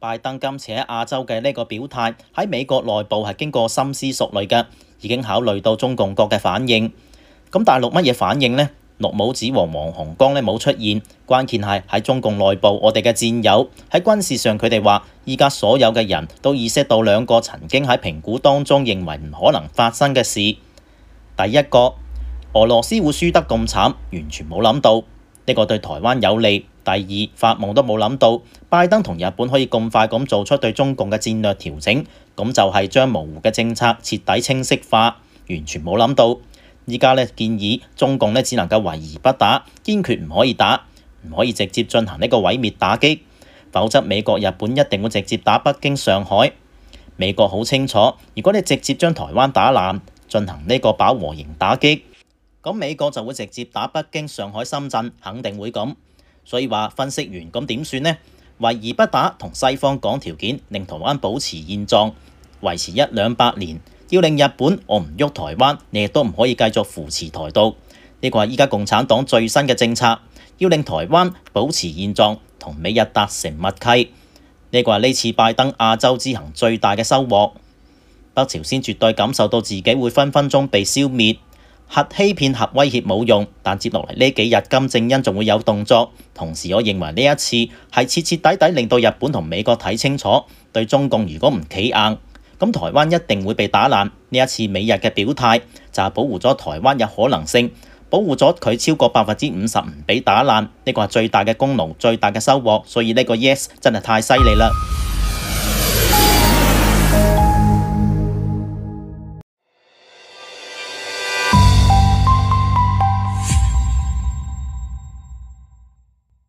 拜登今次喺亞洲嘅呢個表態，喺美國內部係經過深思熟慮嘅，已經考慮到中共國嘅反應。咁大陸乜嘢反應呢？綠帽子和王洪光呢冇出現，關鍵係喺中共內部，我哋嘅戰友喺軍事上，佢哋話依家所有嘅人都意識到兩個曾經喺評估當中認為唔可能發生嘅事。第一個，俄羅斯會輸得咁慘，完全冇諗到。呢個對台灣有利。第二，發夢都冇諗到拜登同日本可以咁快咁做出對中共嘅戰略調整，咁就係將模糊嘅政策徹底清晰化。完全冇諗到，依家咧建議中共咧只能夠圍而不打，堅決唔可以打，唔可以直接進行呢個毀滅打擊，否則美國日本一定會直接打北京上海。美國好清楚，如果你直接將台灣打爛，進行呢個飽和型打擊。咁美國就會直接打北京、上海、深圳，肯定會咁。所以話分析完咁點算呢？圍而不打，同西方講條件，令台灣保持現狀，維持一兩百年，要令日本我唔喐台灣，你亦都唔可以繼續扶持台獨。呢個係依家共產黨最新嘅政策，要令台灣保持現狀，同美日達成默契。呢個係呢次拜登亞洲之行最大嘅收穫。北朝鮮絕對感受到自己會分分鐘被消滅。核欺騙、核威脅冇用，但接落嚟呢幾日金正恩仲會有動作。同時，我認為呢一次係徹徹底底令到日本同美國睇清楚，對中共如果唔企硬，咁台灣一定會被打爛。呢一次美日嘅表態就係保護咗台灣，有可能性保護咗佢超過百分之五十唔俾打爛。呢個係最大嘅功勞，最大嘅收穫。所以呢個 yes 真係太犀利啦！